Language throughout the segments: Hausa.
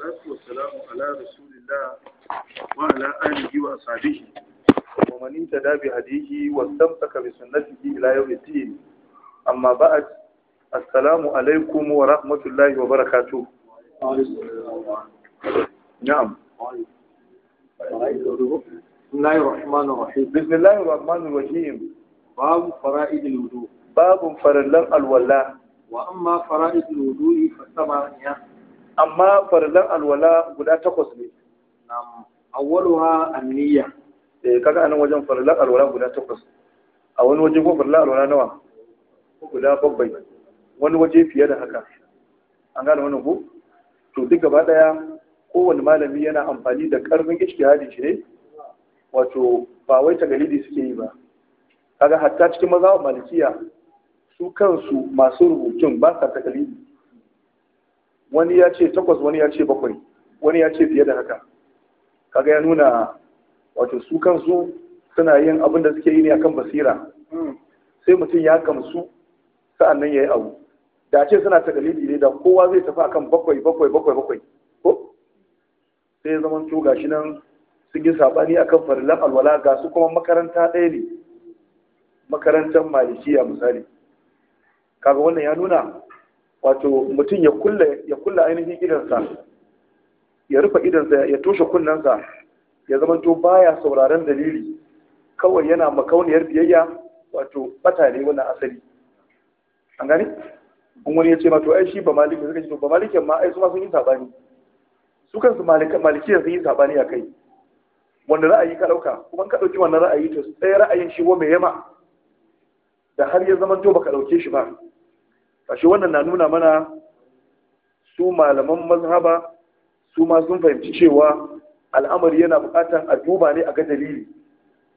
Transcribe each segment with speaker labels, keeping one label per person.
Speaker 1: salatu wa salamu ala rasulillah wa ala alihi wa ashabihi wa man intada bi hadihi wa istamsaka bi sunnatihi ila yawm al-din amma ba'd assalamu alaikum wa rahmatullahi wa barakatuh na'am بسم الله الرحمن الرحيم باب فرائد الوضوء باب فرلن الولاء واما فرائد الوضوء فسبعه amma farzan alwala guda takwas ne awwaluha anniya eh kaga anan wajen farzan alwala guda takwas a wani waje ko farzan alwala nawa guda babba'i. wani waje fiye da haka an gane wannan ko to duk gaba daya kowane malami yana amfani da karfin ijtihadi shi ne wato ba wai tagalidi suke yi ba kaga hatta cikin wa malikiya su kansu masu rubutun ba sa tagalidi wani ya ce takwas wani ya ce bakwai wani ya ce fiye da haka kaga ya nuna wato su kansu suna yin abin da suke yi ne akan basira hmm. sai mutum ya gamsu sa'annan ya yi abu da ce suna dalili ne da kowa zai tafi akan bakwai bakwai bakwai bakwai ko sai ya zama toga shi nan sun yi sabani akan farilan alwala ga su kuma makaranta ɗaya ne makarantar malikiya misali kaga wannan ya nuna wato mutum ya kulla ya kulla ainihin idansa ya rufe idansa ya toshe kunnensa ya to baya sauraron dalili kawai yana makauniyar biyayya wato bata ne wannan asali an gani in wani ya ce ma to ai shi ba maliki suka ce to ba malikin ma ai su ma sun yi sabani su kansu malikiyar sun yi sabani a kai wanda ra'ayi ka ɗauka kuma ka ɗauki wannan ra'ayi to sai ra'ayin shi wa mai yama da har ya zama to baka ɗauke shi ba kashi wannan na nuna mana su malaman mazhaba su ma sun fahimci cewa al'amari yana buƙatar a duba ne a ga dalili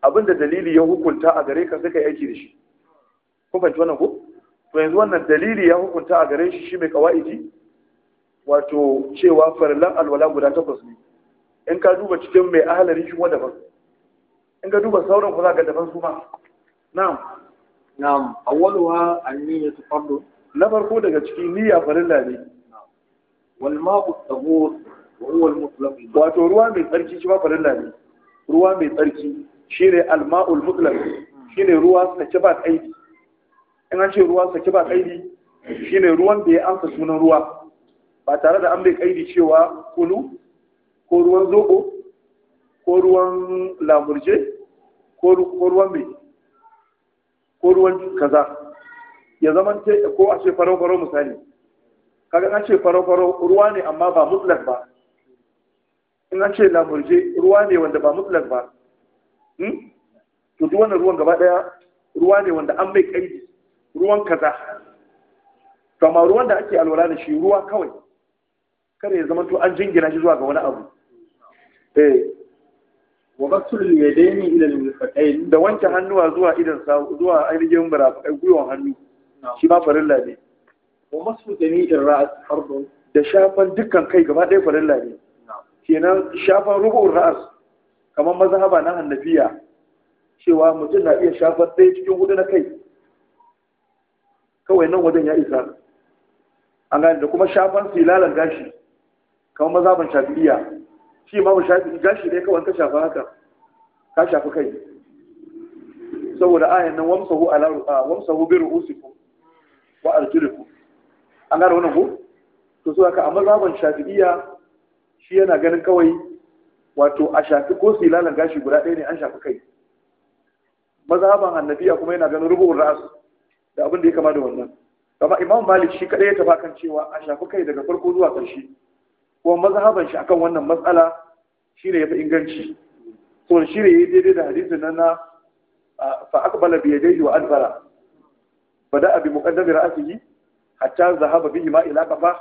Speaker 1: abinda dalili ya hukunta a gare ka suka yi aiki da shi ku fahimci wannan ko to yanzu wannan dalili ya hukunta a gare shi shi mai kawaiji wato cewa farlan alwala guda takwas ne in ka duba cikin mai ahalari shi wanda ban in ka duba sauran za ga daban su ma na'am na'am awwaluha an-niyyatu fardu na farko daga ciki niyya farilla ne wal ma'u tahur wa huwa al mutlaq wato ruwa mai tsarki shi ma farilla ne ruwa mai tsarki shine al ma'u al mutlaq shine ruwa sake ba kaidi in an ce ruwa sake ba kaidi shine ruwan da ya amsa sunan ruwa ba tare da an bai kaidi cewa kulu ko ruwan zobo ko ruwan lamurje ko ruwan mai ko ruwan kaza ya zama ko a ce farau-farau misali kaga an ce farau-farau ruwa ne amma ba mutlak ba in an ce lamurje ruwa ne wanda ba mutlak ba hmm? to duk wannan ruwan gaba daya ruwa ne wanda an mai kaidi ruwan kaza to amma ruwan da ake alwala da shi ruwa kawai kada ya zama to an jingina shi zuwa ga wani abu eh wa basul yadaini ila al-mirfaqain da wanke hannuwa zuwa idan zuwa ainihin ai gwiwan hannu shi ma farilla ne wa masu jami'in ra'as fardun da shafan dukkan kai gaba ɗaya farilla ne kenan shafan rubu'ur ra'as kamar mazhaba na annabiya cewa mutum na iya shafan ɗaya cikin hudu na kai kawai nan wajen ya isa an gane da kuma shafan silalan gashi kamar mazhaban shafi'iyya shi ma mu shafi gashi ne kawai ka shafa haka ka shafi kai saboda ayan nan wamsahu ala wamsahu bi ru'usikum wa arjulukum an gane wannan ku to su haka amma zaban shafi'iyya shi yana ganin kawai wato a shafi ko lalan gashi guda ɗaya ne an shafi kai mazhaban annabiya kuma yana ganin rubu'ur ra'as da abin da ya kama da wannan amma imam malik shi kadai ya taba kan cewa a shafi kai daga farko zuwa ƙarshe kuma mazhaban shi akan wannan matsala shine yafi inganci to shi ne yayi daidai da hadisin nan na fa aqbala bi yadayhi wa adbara bada abi muqaddami ra'sihi hatta zahaba bihi ma ila qafa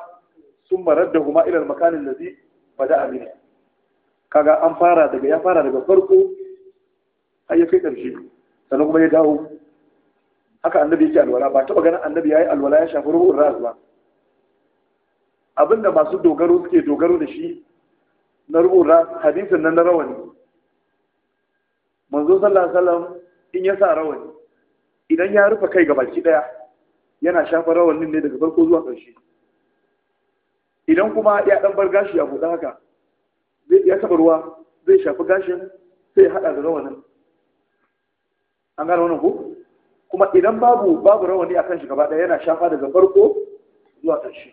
Speaker 1: thumma raddahuma ila al-makan allazi bada abi kaga an fara daga ya fara daga farko har ya kai karshe sannan kuma ya dawo haka annabi yake alwala ba taba ganin annabi yayi alwala ya shafi ruhul ras ba abinda masu dogaro suke dogaro da shi na ruhul ras hadisin nan na rawani manzo sallallahu alaihi wasallam in ya sa rawani idan ya rufe kai ga baki daya yana shafa rawanin ne daga farko zuwa ƙarshe idan kuma ya dan bar gashi a buɗe haka ya taɓa ruwa zai shafi gashin sai ya haɗa da rawanin an gane wannan ko kuma idan babu babu rawani akan shi gaba ɗaya yana shafa daga farko zuwa ƙarshe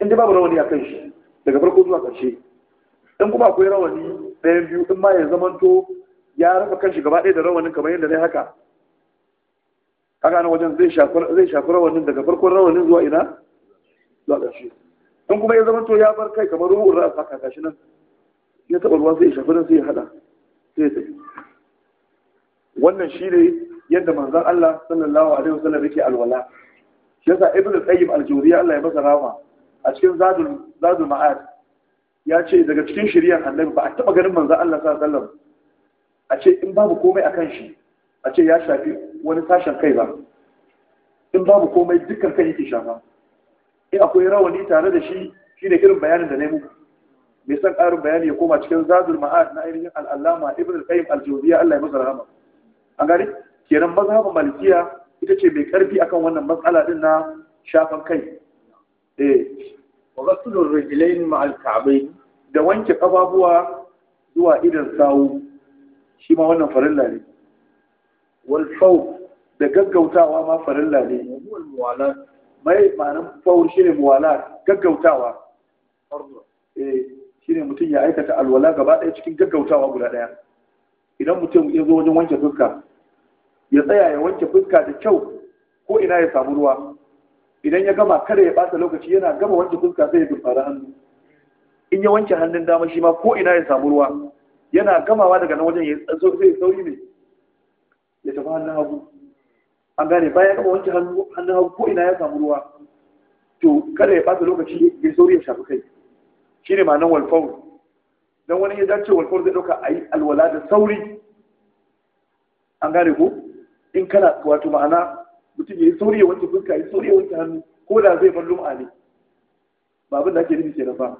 Speaker 1: in dai babu rawani akan shi daga farko zuwa ƙarshe in kuma akwai rawani ɗayan biyu in ma ya zamanto ya rufe kan shi gaba ɗaya da rawanin kamar yadda na haka Haka nan wajen zai shafi rawanin daga farkon rawanin zuwa ina zuwa ƙarshe in kuma ya zama to ya bar kai kamar ruwan ra'a saka gashi nan ya taɓa ruwa sai ya shafi nan sai ya haɗa sai ya tafi wannan shi ne yadda manzan Allah sallallahu alaihi wasallam yake alwala shi yasa ibnu qayyim al-jawziyya Allah ya masa rahama a cikin zadul zadul ma'ad ya ce daga cikin shirya annabi ba a taɓa ganin manzan Allah sallallahu alaihi wasallam a ce in babu komai akan shi a ce ya shafi wani tashin kai ba in babu komai dukkan kai yake shafa in akwai rawani tare da shi shi ne irin bayanin da na yi mai san ƙarin bayani ya koma cikin zazul ma'ad na ainihin al'allama ibn al-qayyim al-jawziyya Allah ya masa rahama an gani kenan mazhabin malikiya ita ce mai karfi akan wannan matsala din na shafan kai eh wa ka'bayn da wanke kafafuwa zuwa idan sawu shi ma wannan farilla ne wal da gaggautawa ma farilla ne mai ma'anar faur shi ne muwala gaggautawa eh shi ne mutum ya aikata alwala gaba ɗaya cikin gaggautawa guda ɗaya idan mutum ya zo wajen wanke fuska ya tsaya ya wanke fuska da kyau ko ina ya samu ruwa idan ya gama kada ya ɓata lokaci yana gama wanke fuska sai ya dumfara hannu in ya wanke hannun dama shi ma ko ina ya samu ruwa yana gamawa daga nan wajen ya sauri ne ya tafi hannun hagu an gane bayan kama wanke hannun hagu ko ina ya samu ruwa to kada ya ɓata lokaci ya sauri ya shafi kai shi ne ma'anar walfaul don wani ya dace walfaul zai ɗauka a yi alwala da sauri an gane ko in kana wato ma'ana mutum ya yi sauri ya wanke fuska ya yi sauri ya wanke hannu ko da zai bar lum'a ne ba abin da ake nufi kenan ba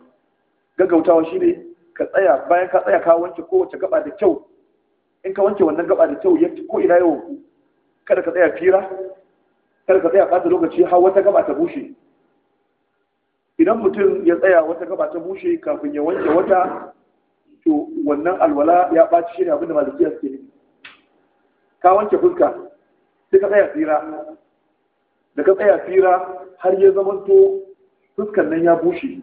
Speaker 1: gaggautawa shi ne ka tsaya bayan ka tsaya ka wanke kowace gaba da kyau in ka wanke wannan gaba da kyau ya ko ina yau ku kada ka tsaya fira kada ka tsaya ɓata lokaci har wata gaba ta bushe idan mutum ya tsaya wata gaba ta bushe kafin ya wanke wata to wannan alwala ya ɓaci shi ne abinda malikiya suke nufi ka wanke fuska sai ka tsaya fira da ka tsaya fira har ya zamanto fuskan nan ya bushe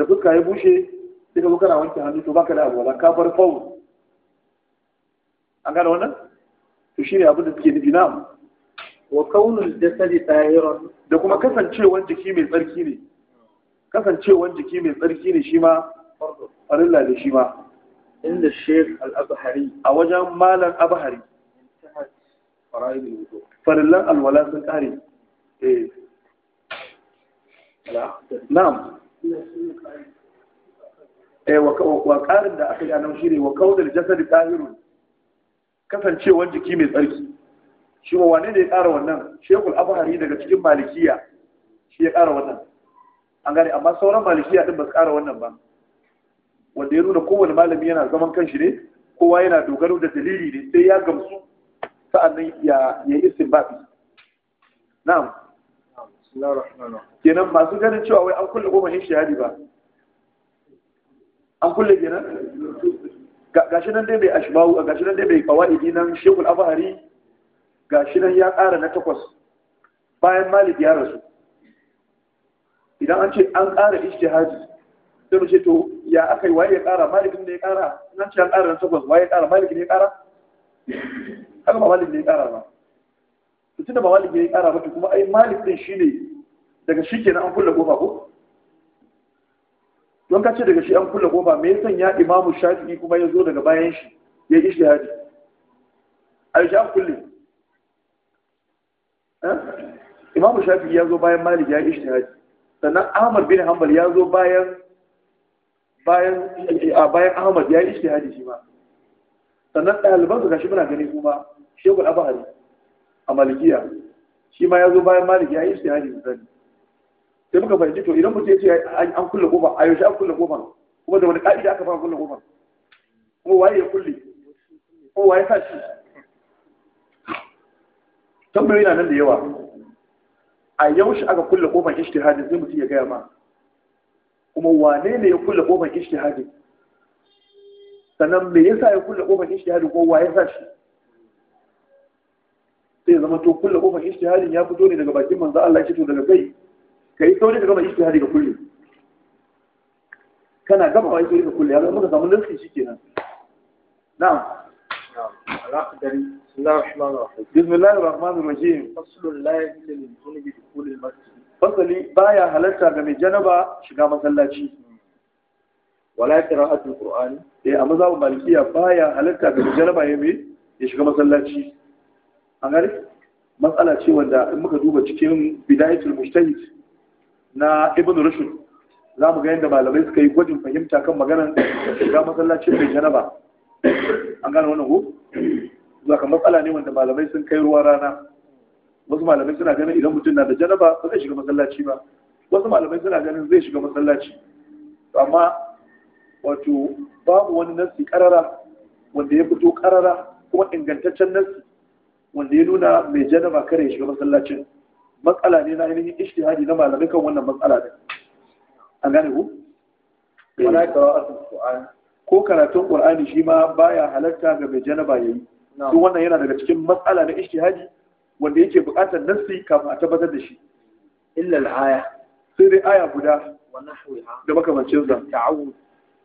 Speaker 1: da fuska ya bushe sai ka zo kana wanke hannu to baka da alwala ka bar faul an gane wannan to shirya abin da suke nufi na'am wa da jasadi tahiran da kuma kasancewar jiki mai tsarki ne kasancewar jiki mai tsarki ne shi ma farilla ne shi ma inda shek al-abhari a wajen malam abhari farillan alwala sun kare eh. na'am eh, wa ƙarin da aka yi anan shine wa kaunul jasadi tahirun kasancewar jiki mai tsarki shi ma wane ne ya ƙara wannan shekul abahari daga cikin malikiya shi ya ƙara wannan an gane amma sauran malikiya din ba su ƙara wannan ba wanda ya nuna kowane malami yana zaman kanshi ne kowa yana dogaro da dalili ne sai ya gamsu sa'annan ya ya su na'am kenan masu ganin cewa wai an kulle goma shahadi ba an kulle kenan gashi nan dai bai ashbahu gashi nan dai bai qawaidi nan shekul afahari gashi nan ya ƙara na takwas bayan malik ya rasu idan an ce an ƙara ijtihadi sai mu ce to ya akai waye ya ƙara malik ne ya ƙara nan ce an ƙara na takwas waye ya ƙara malik ne ya ƙara haka ba malik ne ya ƙara ba to tunda ba malik ne ya ƙara ba to kuma ai malik din shine daga shikenan an kulle kofa ko don ka ce daga shi an kulle kofa me yasan ya imamu shafi'i kuma ya zo daga bayan shi ya yi shahadi a yi an kulle eh? imamu shafi'i ya zo bayan malik ya yi shahadi sannan ahmad bin hanbal ya zo bayan bayan ahmad ya yi shahadi shi ma sannan ɗaliban su gashi muna gani kuma shekul abahari a malikiya shi ma ya zo bayan malik ya yi shahadi misali sai muka fahimci to idan mutum ya ce an kulle kofar a yaushe an kulle kofar kuma da wani ka'ida aka fara kulle kofar kuma waye ya kulle kuma waye sa shi tambayoyi na nan da yawa a yaushe aka kulle kofar ishtihadin sai mutum ya gaya ma kuma wane ne ya kulle kofar ishtihadin sannan me yasa ya kulle kofar ishtihadin ko waye sa shi sai zama to kulle kofar ishtihadin ya fito ne daga bakin manzo Allah ya ce to daga kai ka yi sauri ka gama ijtihadi ka kulle kana gama wa ijtihadi ka kulle ya zama ka samu nasi shikenan na'am بسم الله الرحمن الرحيم فصل لا يجوز للذنب دخول المسجد فصل بايا هلتا من جنبا شغا مسلاتي ولا قراءة القرآن إيه أما ذا مالكية بايا هلتا من جنبا يمي يشغا مسلاتي أنا مسألة شي وندا إن مكا دوبا cikin bidayatul mujtahid na ibn rushd za mu ga yadda malamai suka yi gwajin fahimta kan maganar shiga masallacin mai janaba an gane wannan ko zuwa kan matsala ne wanda malamai sun kai ruwa rana wasu malamai suna ganin idan mutum na da janaba ba zai shiga masallaci ba wasu malamai suna ganin zai shiga masallaci amma wato babu wani nasi karara wanda ya fito karara kuma ingantaccen nasi wanda ya nuna mai janaba kare ya shiga masallacin matsala ne na ainihin ishtihadi na malamai kan wannan matsala ne an gane ku eh. wala qira'atul qur'an ko karatun qur'ani shi ma baya halarta ga mai janaba yayi duk wannan yana daga cikin matsala na ishtihadi wanda yake buƙatar nassi kafin a tabbatar da shi illa al-aya sai dai aya guda wa nahwiha da makamancin sa ta'awud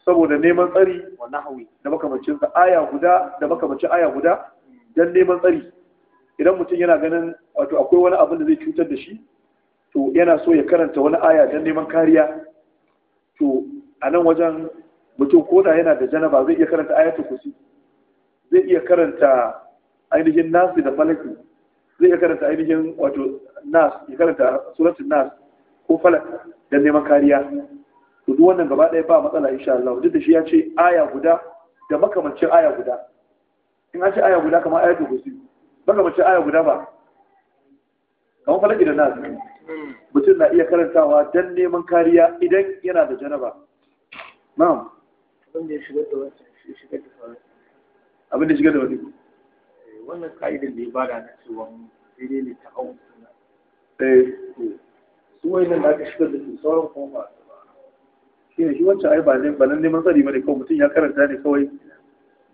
Speaker 1: saboda neman tsari wa nahwi da makamancin sa aya guda da makamancin aya guda dan neman tsari idan mutum yana ganin wato akwai wani abin da zai cutar da shi to yana so ya karanta wani aya don neman kariya to a nan wajen mutum ko da yana da janaba zai iya karanta aya ta kusi? zai iya karanta ainihin nasi da falaki zai iya karanta ainihin wato nas ya karanta suratun nas ko falak don neman kariya to duk wannan gaba ɗaya ba matsala insha Allah duk da shi ya ce aya guda da makamancin aya guda in an ce aya guda kamar ayatul kursi makamancin aya guda ba kamar idan na nasu mutum na iya karantawa don neman kariya idan yana da janaba na'am abin da shiga da wani eh, wannan ka'idar da ya bada na cewa dai ne ta hau eh su nan da aka shigar da su sauran kuma ba shi ne shi wancan ai ba ne ba nan neman tsari bane kawai mutum ya karanta ne kawai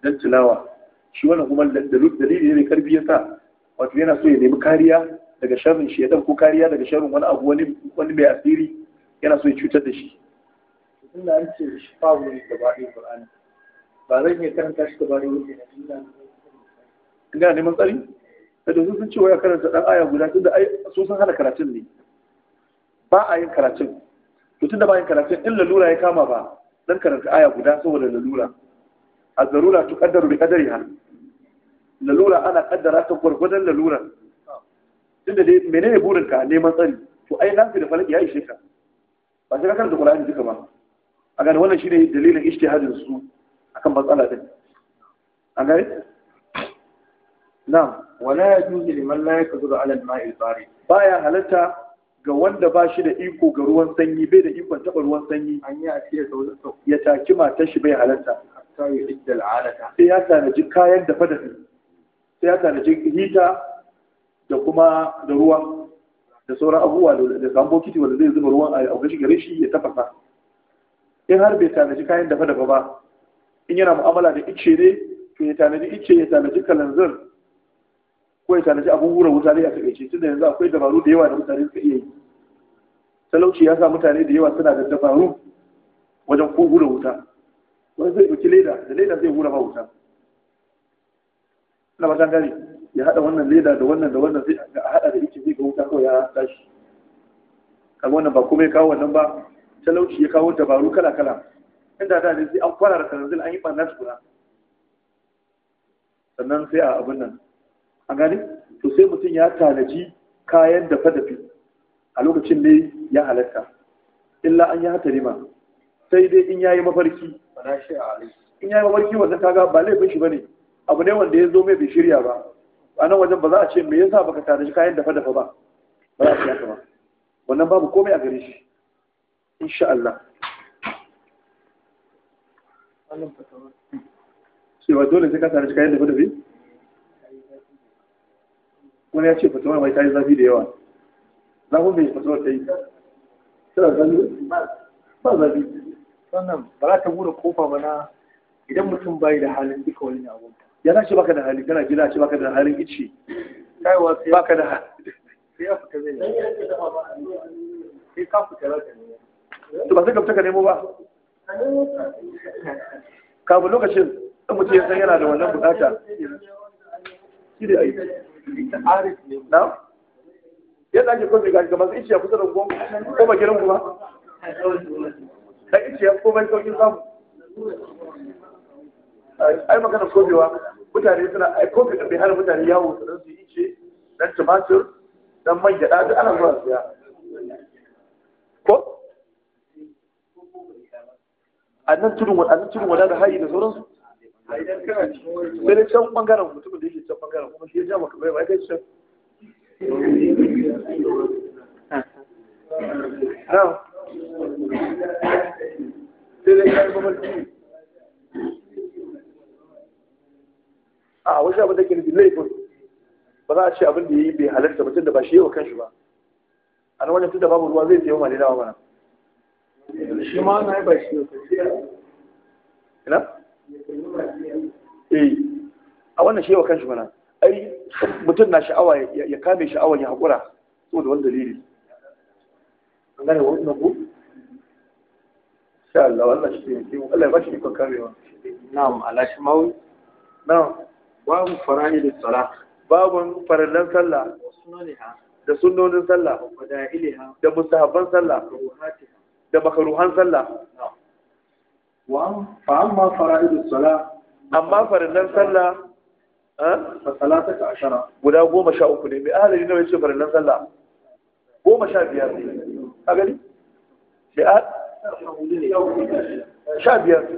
Speaker 1: don tilawa shi wannan kuma dalilin ne karfi ya sa wato yana so ya nemi kariya daga sharrin shi ya ko kariya daga sharrin wani abu wani mai asiri yana so ya cutar da shi tunda an ce shi fawo ne gaba ɗaya Qur'ani ba zan iya karanta shi gaba ɗaya ne ina neman tsari da dozu sun ce waya karanta ɗan aya guda tunda ai su sun hana karatun ne ba a yin karatun to tunda ba yin karatun in lalura ya kama ba dan karanta aya guda saboda lalura a zarura tuqaddaru bi qadariha lalura ana kaddara ta gurgudan lalura tunda dai menene burinka neman tsari to ai nan da falaki ya ishe ka ba sai ka karanta Qur'ani duka ba a gane wannan shine dalilin ijtihadin su akan matsala din an gane na'am wala yajuzu liman la yaqdiru ala al-ma'i al-bari baya halatta ga wanda ba shi da iko ga ruwan sanyi bai da ikon taɓa ruwan sanyi an yi a ce ya taki matar shi bai halatta sai ya tanaji kayan dafa dafi sai ya tanaji hita da kuma da ruwa da sauran abubuwa da sambo bokiti wanda zai zuba ruwan a gashi gare shi ya tafasa in har bai tanaji kayan dafa dafa ba in yana mu'amala da icce ne to ya tanaji icce ya tanaji kalanzir ko ya tanaji abun hura wuta ne a takaice tunda yanzu akwai dabaru da yawa da mutane suka iya yi talauci ya sa mutane da yawa suna da dabaru wajen ko hura wuta wani zai ɗauki leda da leda zai hura ba wuta na ba gane ya haɗa wannan leda da wannan da wannan zai a haɗa da ice zai ga wuta kawai ya tashi kan wannan ba kuma ya kawo wannan ba talauci ya kawo dabaru kala kala inda da ne sai an kwara da kanzil an yi ɓarna tukuna sannan sai a abin nan an gani to sai mutum ya tanaji kayan dafe-dafe a lokacin ne ya halatta illa an yi hatari ma sai dai in yayi mafarki in yayi mafarki wannan kaga ba laifin shi bane abu ne wanda ya zo mai bai shirya ba a nan wajen ba za a ce me yasa baka tare shi kayan dafa dafa ba ba za a ce haka ba wannan babu komai a gare shi insha Allah cewa dole sai ka tare shi kayan dafa dafa wani ya ce fatawa mai tayi zafi da yawa zafin mai fatawa ta yi tana zafi ba zafi sannan ba za ta bude kofa ba na idan mutum bai da halin duka wani abubuwa yana ce baka da hali kana gida shi baka da halin ici kaiwa sai baka da sai ka fita to ba sai ka fita ka nemo ba kafin lokacin in mutum ya san yana da wannan bukata shi da aiki na ya tsaki ko zai kamar iciya kusa da ko ko ba gidan kuma dan iciya ko bai saukin samu ai magana kobewa mutane suna aiko ka bai har mutane yawo su dan su ce dan tumatur dan man gyada duk ana zuwa siya ko a nan tudun a nan tudun wada da hayi da sauransu sai dai can bangaren mutumin da yake can bangaren kuma shi ya ja kamar ba kai can sai dai kan kuma a wasu abin da ke nufi laifin ba za a ce abin da ya yi bai halarta mutum da ba shi yawa kanshi ba a nan wajen da babu ruwa zai sayo mali dawa mana shi ma na yi ba shi ina eh a wannan shi yawa kanshi mana ai mutum na sha'awa ya kame sha'awa ya haƙura Ko da wani dalili an gane wani ku? sha Allah wannan shi ne Allah ya ba shi ikon kamewa na'am alashi mawi na'am babu farahi da tsara babu farallan sallah da sunnonin sallah da mustahabban sallah da makaruhan sallah amma fara'idu amma farallan sallah eh? ashara guda goma sha uku ne mai ahalari nawa ce farallan sallah goma sha biyar ne a gani da a sha biyar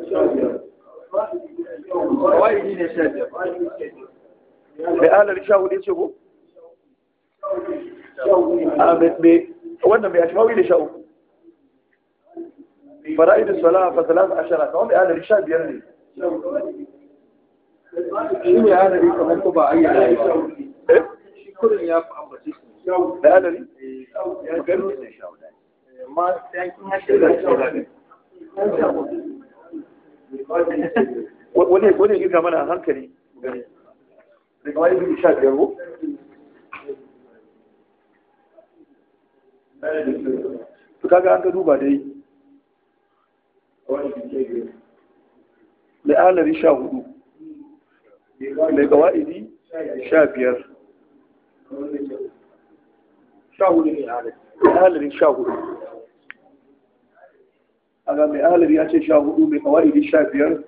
Speaker 1: بآل الشاو اللي يشوفه وانم يشوفه اللي يشوفه فرائد الصلاة فثلاث عشرة هم بآل الشاو بيانا لي شمي آل الشاو هم طبع اي لا يشوفه ايه كل ياب عمرو جسمه بآل الشاو ما تانكو هاشي لا يشوفه wani wani irga mana a hankali daga wani bin sha biyar ko to kaga an ka duba dai da alari sha hudu mai gawa'idi sha biyar sha hudu ne alari sha hudu a ga mai alari ya ce sha hudu mai gawa'idi sha biyar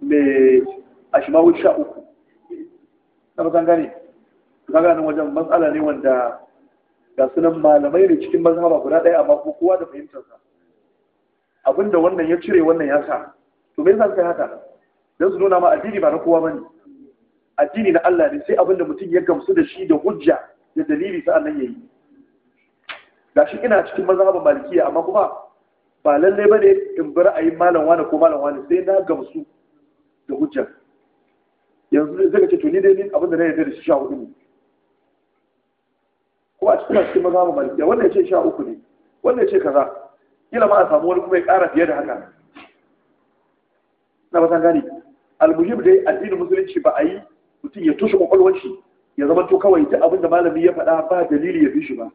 Speaker 1: mai ashimawul sha uku na ba gane maganin wajen matsala ne wanda ga sunan malamai ne cikin mazhaba guda ɗaya amma ko kowa da fahimtarsa abinda wannan ya cire wannan ya sa to me yasa suka haka don su nuna ma addini ba na kowa ba ne. addini na Allah ne sai abinda mutum ya gamsu da shi da hujja da dalili sa'an nan yayi gashi ina cikin mazhaban malikiya amma kuma ba lallai bane in bi ra'ayin malam wani ko malam wani sai na gamsu da hujjar yanzu zai ce to ni dai ni abinda na yarda da shi sha hudu ne ko a cikin cikin maza mu malikiya wanda ya ce sha uku ne wannan ya ce kaza kila ma a samu wani kuma ya ƙara fiye da haka na basan gani almuhim dai addinin musulunci ba a yi mutum ya tushe kwakwalwar shi ya zama to kawai duk abinda malami ya faɗa ba dalili ya bi shi ba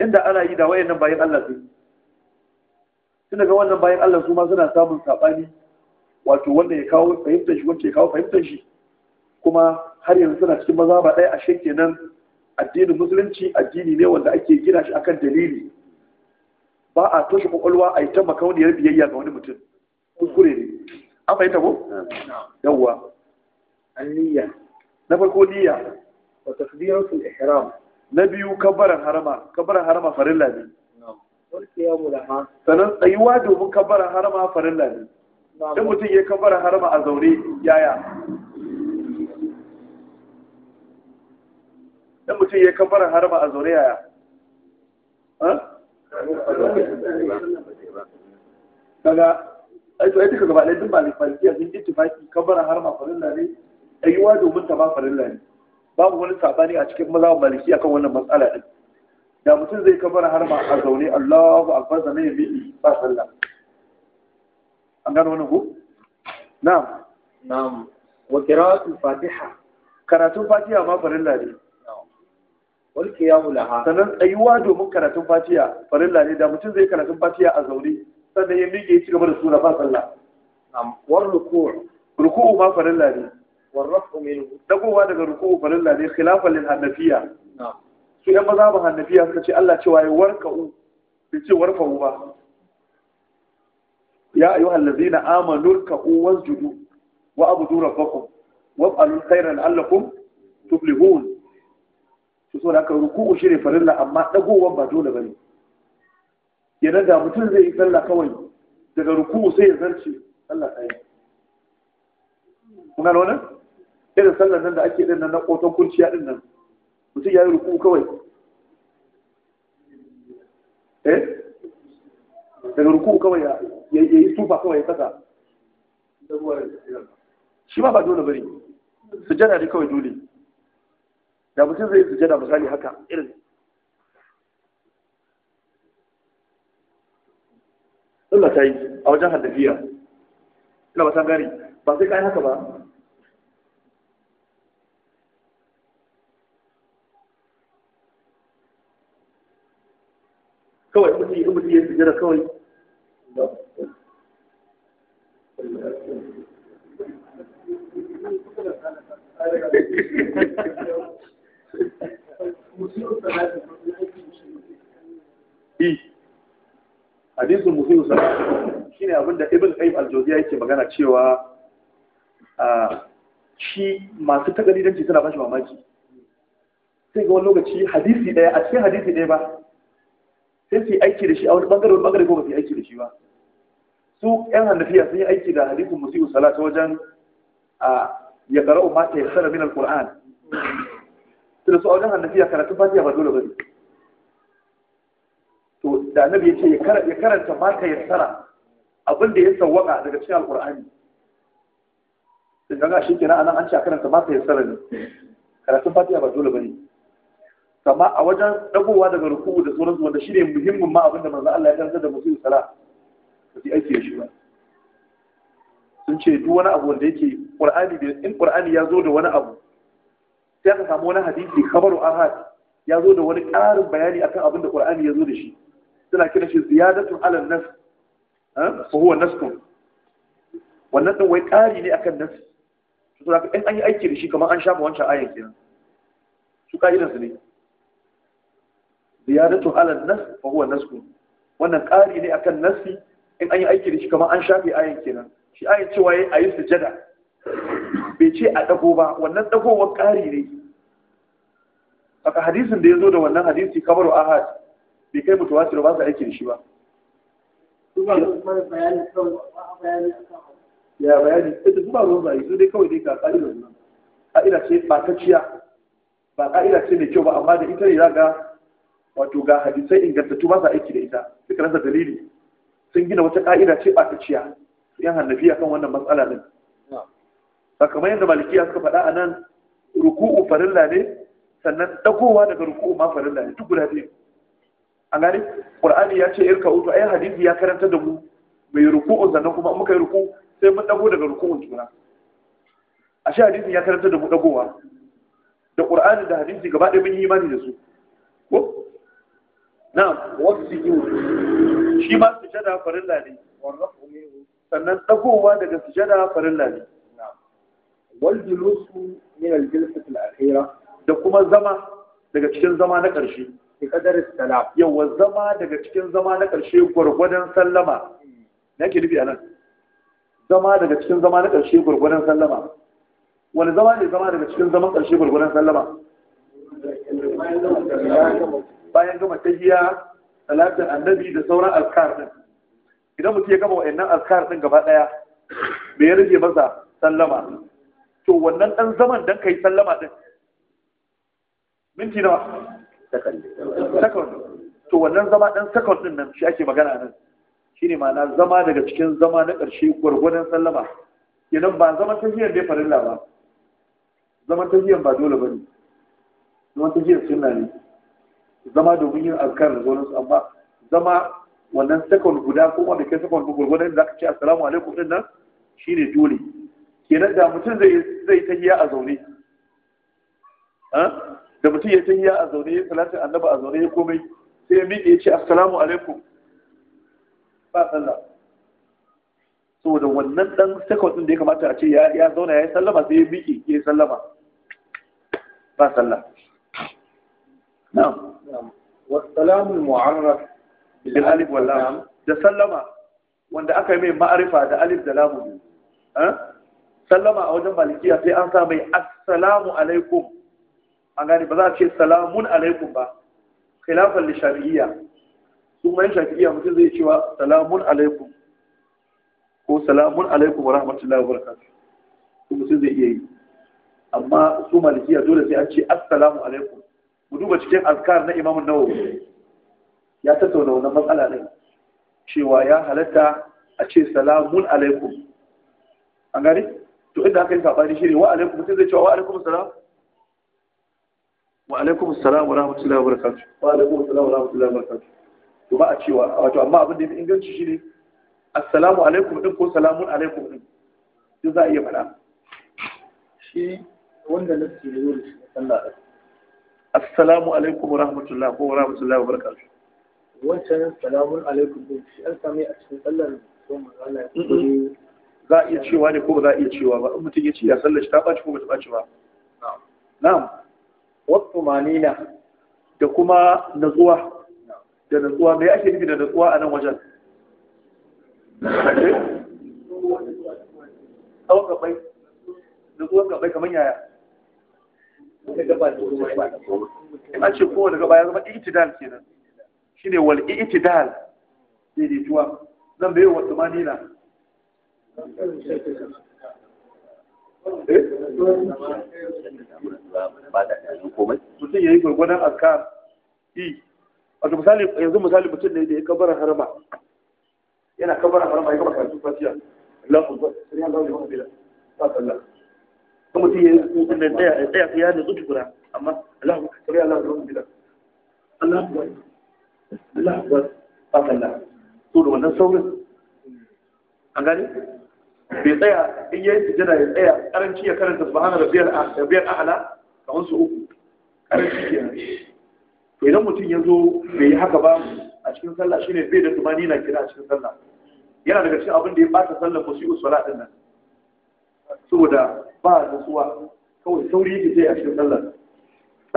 Speaker 1: inda ana yi da wayannan bayan Allah sai tun daga wannan bayan Allah su ma suna samun saɓani wato wanda ya kawo fahimtar shi wanda ya kawo fahimtar shi kuma har yanzu suna cikin maza ba ɗaya ashe kenan addinin musulunci addini ne wanda ake gina shi akan dalili ba a toshe kwakwalwa a yi ta makauniyar biyayya ga wani mutum kuskure ne an fahimta ko yawwa Aniyya. na farko niyya wa takbiratul ihram na biyu kabbaran harama kabbaran harama farilla ne sannan tsayuwa domin kabbaran harama farilla ne da mutum ya kafara harba a zaune yaya da mutum ya kafara harba a zaune yaya daga aiki aiki ka gaba ɗaya duk malik malikiya sun yi tufaki harma farin farilla ne ayyuwa domin ta ba farilla ne babu wani sabani a cikin maza maliki akan wannan matsala din da mutum zai kafara harma a zaune Allahu akbar sannan ya bi ba sallah an gano wani ku? na'am na'am wa qira'atul fatiha karatun fatiha ma farilla ne wal qiyamu laha sannan tsayuwa domin karatun fatiha farilla ne da mutum zai karatun fatiha a zaune sannan ya miƙe ya ci gaba da sura ba sallah na'am war ruku' ruku'u ma farilla ne war rafu minhu dagowa daga ruku'u farilla ne khilafan lil hanafiya na'am su yan ba hanafiya suka ce Allah cewa ya warka'u bai ce warfa'u ba ya ayu allazina amanu rka'u wasjudu wa abudu rabbakum wa'malu khairan allakum tuflihun to so da ka ruku'u shine farilla amma dagowan ba dole bane idan da mutum zai yi sallah kawai daga ruku'u sai ya zarce sallah ta yi kun gano irin sallar nan da ake din nan na koton kurciya din nan mutum ya yi ruku'u kawai daga ruku'u kawai ya ya yi tufa kawai ya saka shi ma ba dole bane sujada ne kawai dole da mutum zai sujada misali haka irin Allah ta yi a wajen haddafiya ina ba san gari ba sai kai haka ba kawai mutum ya sujada kawai E, hadisin musulun sana shi ne abinda ibn ƙa'ib al yake magana cewa shi masu tagalidanci suna bashi mamaki sai ga wani lokaci hadisi ɗaya, a cikin hadisi ɗaya ba sai su yi aiki da shi a wani bangare wani bangare ko ba su yi aiki da shi ba su yan hannafiya sun yi aiki da hadisin musiu sala ta wajen a ya qara'u mata ta yassara min alquran to da su a wajen hannafiya karatun Fatiya ba dole ba ne to da annabi ya ce ya karanta mata ta yassara abin da ya sawwaka daga cikin alqur'ani Da ga shi kenan anan an ce a karanta mata ta yassara ne karatun Fatiya ba dole ba ne kama a wajen dagowa daga ruku'u da sauransu wanda ne muhimmin ma abinda manzo Allah ya karanta da musu sala ba su aiki da shi ba sun ce duk wani abu wanda yake qur'ani in qur'ani ya zo da wani abu sai aka samu wani hadisi khabaru ahad ya zo da wani ƙarin bayani akan abin da qur'ani ya zo da shi suna kira shi ziyadatun ala nas eh, fa huwa naskun wannan din wai ƙari ne akan nas to zaka in an yi aiki da shi kamar an shafa wancan ayan kenan su ka'idan su ne ziyadatu ala nas fa huwa nasku wannan ƙari ne akan nasi in an yi aiki da shi kamar an shafe ayan kenan shi ayan cewa yayi ayi sujada bai ce a dago ba wannan dagowar ƙari ne aka hadisin da ya zo da wannan hadisi kamar ahad bai kai mutuwatir ba su aiki da shi ba ya bayani ita eh, zuba ruwan bayi su dai kawai dai ga ƙa'idar ƙa'ida ce ba ta ciya ba ƙa'ida ce mai kyau ba amma da ita ne za ga wato ga hadisai ingantattu ba sa aiki da ita suka rasa dalili sun gina wata ka'ida ce ba ta ciya yan hannafi akan wannan matsala din kamar yadda malikiya suka faɗa a nan ruku'u farilla ne sannan dagowa daga ruku'u ma farilla ne duk guda biyu A gani ƙur'ani ya ce irka utu ai hadisi ya karanta da mu mai ruku'u sannan kuma muka yi ruku'u sai mun ɗago daga ruku'un juna ashe hadisin ya karanta da mu ɗagowa? da ƙur'ani da hadisi gaba ɗaya mun yi imani da su na'am wasu yi shi ma sujada farilla ne sannan dagowa daga sujada farilla ne wal julusu min al jalsati al da kuma zama daga cikin zama na ƙarshe bi qadari Yau, yawa zama daga cikin zama na ƙarshe gwargwadon sallama Na ke nufi anan zama daga cikin zama na ƙarshe gwargwadon sallama wani zama ne zama daga cikin zaman ƙarshe gwargwadon sallama bayan gama tahiyya salatin annabi da sauran azkar din idan mutum ya gama wa'annan azkar din gaba daya me ya rage masa sallama to wannan dan zaman dan kai sallama din minti nawa second to wannan zama dan second din nan shi ake magana nan shine ma'ana zama daga cikin zama na ƙarshe gwargwadon sallama idan ba ta tahiyar ne farilla ba ta tahiyar ba dole bane zaman tahiyar sunna ne zama domin yin azkar da su, amma zama wannan sakon guda ko wanda kai sakon guda gurgurdan da zaka ce assalamu alaikum din nan shine dole kenan da mutum zai zai tahiya a zaune ah? da mutum ya tahiya a zaune salatin annabi a zaune ya komai sai ya miƙe ya ce assalamu alaikum ba sallah saboda wannan dan sakon din da ya kamata a ce ya zauna ya yi sallama sai ya miƙe ya yi sallama ba sallah alif da wanda aka da a wajen malikiya sai an alaikum ba za a ce salamun alaikum ba khilafan li su ko salamun alaikum wa rahmatullahi wa barakatuh zai iya yi amma su malikiya dole sai an ce assalamu alaikum ku duba cikin azkar na Imam Nawawi ya tattauna wannan matsala ne cewa ya halatta a ce salamun alaikum an gani to inda aka yi sabani ne wa alaikum sai zai ce wa alaikum salam wa alaikum salam wa rahmatullahi wa barakatuh wa alaikum salam wa rahmatullahi wa barakatuh to ba a cewa wato amma abin da yafi inganci shine assalamu alaikum din ko salamun alaikum din duk za a iya faɗa shi wanda nake yi sallah assalamu alaikum wa rahmatullah ko wa rahmatullah wa barakatuh wancan salamun alaikum din shi an sami a cikin sallar za a iya cewa ne ko ba za a iya cewa ba in mutum ya ce ya sallar shi ta ɓaci ko ba ta ɓaci ba na'am wasu manina da kuma natsuwa da natsuwa mai ake nufi da natsuwa a nan wajen eh? tsawon gabai natsuwan gabai kamar yaya ka gaba da komai ba in an ce kowane gaba ya zama i'tidal kenan shine wal i'tidal daidaituwa zan bai wa tsamani na eh? mutum ya yi gwargwadon azkar yi wato misali yanzu misali mutum ne da ya kabarin harama yana kabarin harama ya kama kasu fasiya Allah sai ya bila ba sallah kuma mutum ya yi tsaya su ya nutsu tukuna amma Allahu sai Allahu Allahu bila Allahu Allahu ba kalla to da wannan saurin an gane bai tsaya in yayi sujada ya tsaya karanci ya karanta subhana rabbiyal rabbiyal a'la kamar su uku karanci ke to idan mutum ya zo bai yi haka ba a cikin sallah shine bai da tumani na kira a cikin sallah yana daga cikin abin da ya bata sallar musibu salat din nan saboda ba nutsuwa kawai sauri yake sai a cikin sallar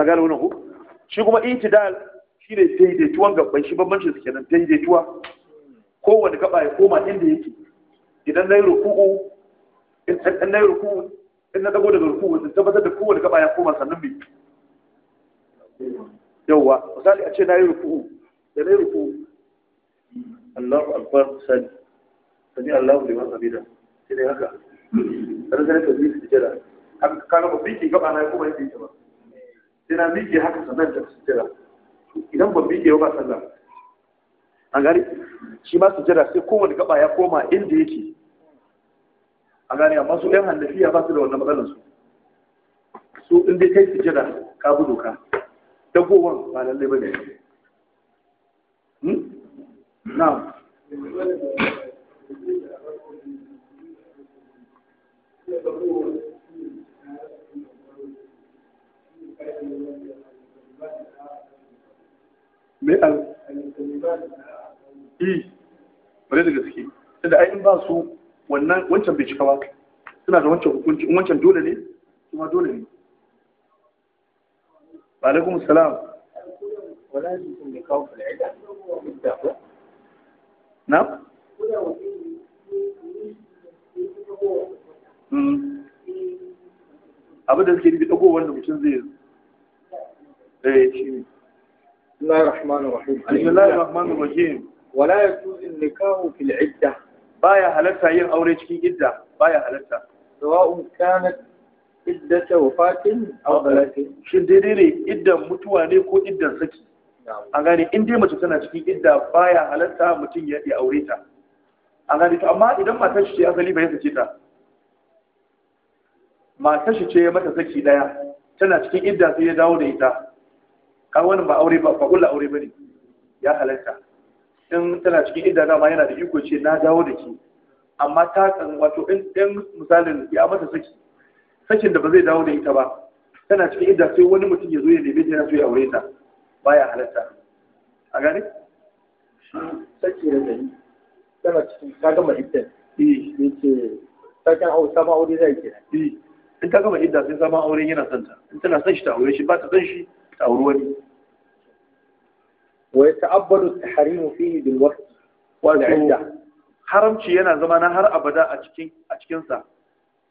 Speaker 1: a gane wani ku shi kuma intidal shi ne daidaituwan gabban shi bambancin su kenan daidaituwa kowane gaba ya koma inda yake idan na yi ruku'u in na yi ruku'u in na dago daga ruku'u sun tabbatar da kowane gaba ya koma sannan bi yawwa misali a ce na yi ruku'u da na yi ruku'u Allahu akbar sani sani Allahu liman hamida sai dai haka dan sai ka bi sujjada haka kana ba biki gaba na kuma yake ba sai na haka haka sannan ta jira idan ba biki ba sallah an gani shi ma su jira sai kowane gaba ya koma inda yake a gani amma su ɗan hannafiya ba su da wannan matsalar su su in dai kai jira ka bi doka dagowar ba lallai ba ne hmm? na'am mai e, da gaske ai in ba su wannan wancan bai cika ba suna da wancan hukunci in wancan dole ne kuma dole ne wa alaikum salam na abin da suke nufi ɗago wanda mutum zai ɗaya eh, shi ne Allah rahmanu rahim Allah rahmanu rahim wala yajuzu nikahu fil idda baya halatta yin aure cikin idda baya halatta. sawa'un kanat iddata wafatin aw dalatin shin daidai ne iddan mutuwa ne ko iddan saki an gane in dai mace tana cikin idda baya halatta mutum ya aure ta an gane to amma idan matar shi asali bai sace ta matar shi ce mata saki daya tana cikin idda sai ya dawo da ita ka wani ba aure ba ba kullu aure bane ya halarta in tana cikin idda ma yana da iko ce na dawo da ki amma ta kan wato in dan misalin ya mata saki sakin da ba zai dawo da ita ba tana cikin idda sai wani mutum ya zo ya neme tana yana so ya aure ta baya halarta a gane sakin da ni tana cikin ka gama idda eh yace sakin hausa ba aure zai eh in ta gama idda sai zama aure yana son ta in tana son shi ta aure shi ba ta son shi ta aure wani wa yata'abbadu at-tahrim fihi bil waqt wa idda haramci yana zama na har abada a cikin a cikin sa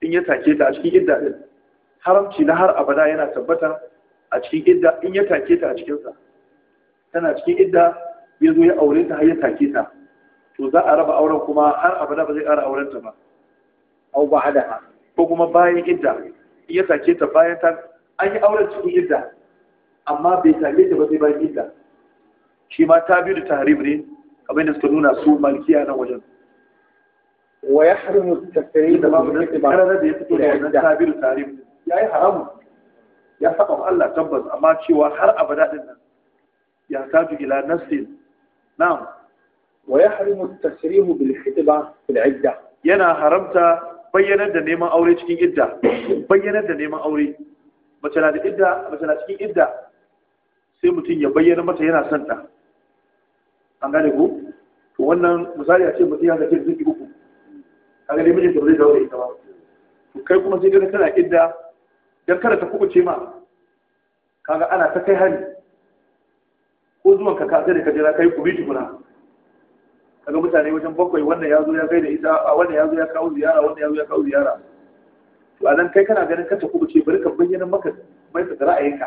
Speaker 1: in ya take ta a cikin idda din haramci na har abada yana tabbata a cikin idda in ya take ta a cikin sa tana cikin idda ya zo ya aure ta har ya take ta to za a raba auren kuma har abada ba zai ƙara auren ta ba au ba hada ko kuma bayan idda ya sake ta bayan ta an yi auren cikin idda amma bai sake ta ba sai bayan idda shi ma ta biyu da tahrib ne kamar yadda suka nuna su malkiya na wajen wa yahrimu at-takrib da babu da da ya fito da wannan ta biyu da Ya yi haramu ya saba Allah tabbas amma cewa har abada din nan ya sadu ila nafsin na'am wa yahrimu at-tasrihu bil khitba fil idda yana haramta bayyanar da neman aure cikin idda bayyanar da neman aure mace na da idda mace na cikin idda sai mutum ya bayyana mata yana son ta an gane ku? to wannan misali a ce mutum ya ga ce zuki uku a dai mijinta da zai daure ita ba to kai kuma sai gani kana idda dan kada ta kubuce ma kaga ana ta kai hari ko zuwan ka ka sai da ka jira kai kubi tukuna kaga mutane wajen bakwai wannan ya zo ya kai da ita a wannan ya zo ya kawo ziyara wannan ya zo ya kawo ziyara to a nan kai kana ganin kanta kuma ce bari ka bayyana maka mai ka ra'ayinka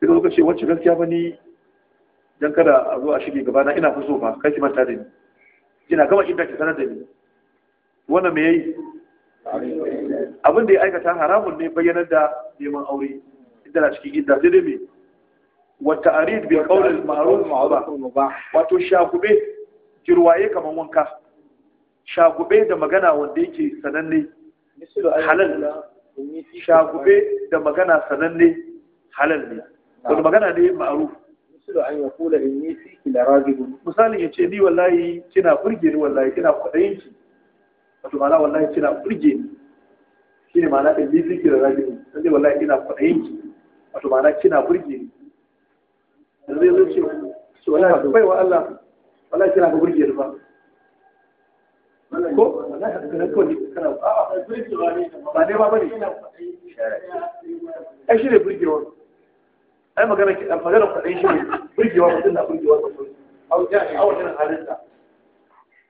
Speaker 1: sai ka zo ka ce wacce gaskiya ba ni dan kada a zo a shige gaba na ina fi so ba kai ki manta da ni ina gama inda ki sanar da ni wannan me yayi abin da ya aikata haramun ne bayyanar da neman aure inda na cikin inda sai dai me wata arid bi qawl al ma'ruf ma'ruf wato shakube kirwaye kaman wanka shagube da magana wanda yake sananne halal shagube da magana sananne halal ne Wani magana ne ma'aruf misali ya ce ni ni wallahi kina burge ni wallahi kina kwadayin ki wato ma'ana wallahi kina burge ni ne ma'ana in nisi kira ragibu ragibun sai wallahi kina kwadayin ki wato ma'ana kina burge ni zai zo ce wallahi wa Allah wallahi kina ga burge ba ko ba ne ba bane ai shi ne ai magana magana shi ne mutum na a wajen halitta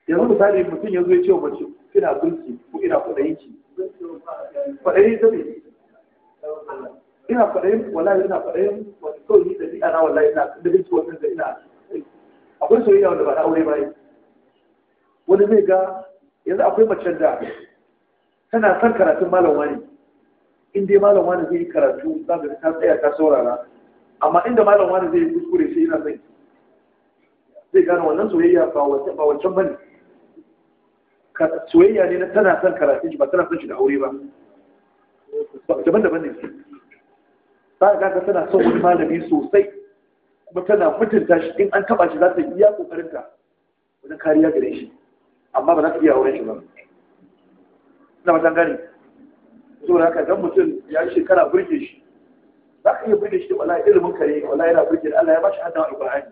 Speaker 1: yanzu misali mutum yanzu ya ce wa mace ina burki ko ina ki ne ina wallahi ina kwaɗayin wani ni da ni ana wallahi ina da ni wannan ina akwai soyayya wanda ba na aure ba wani zai ga yanzu akwai macen da tana son karatun malam wani inda malam wani zai yi karatu za ka ta tsaya ta saurara amma inda malam wani zai yi kuskure shi yana zai zai gane wannan soyayya ba wancan ba ne soyayya ne na tana son karatun shi ba tana son shi da aure ba daban-daban ne ba ga tana son wani malami sosai kuma tana mutunta shi in an taba shi za ta iya kokarinta wajen kariya gare shi amma ba za ta iya wurin shi ba ina ba gani saboda haka dan mutum ya yi shekara burge shi za ka iya burge shi da wallahi ilimin kare wala yana burge Allah ya ba shi hannun alqur'ani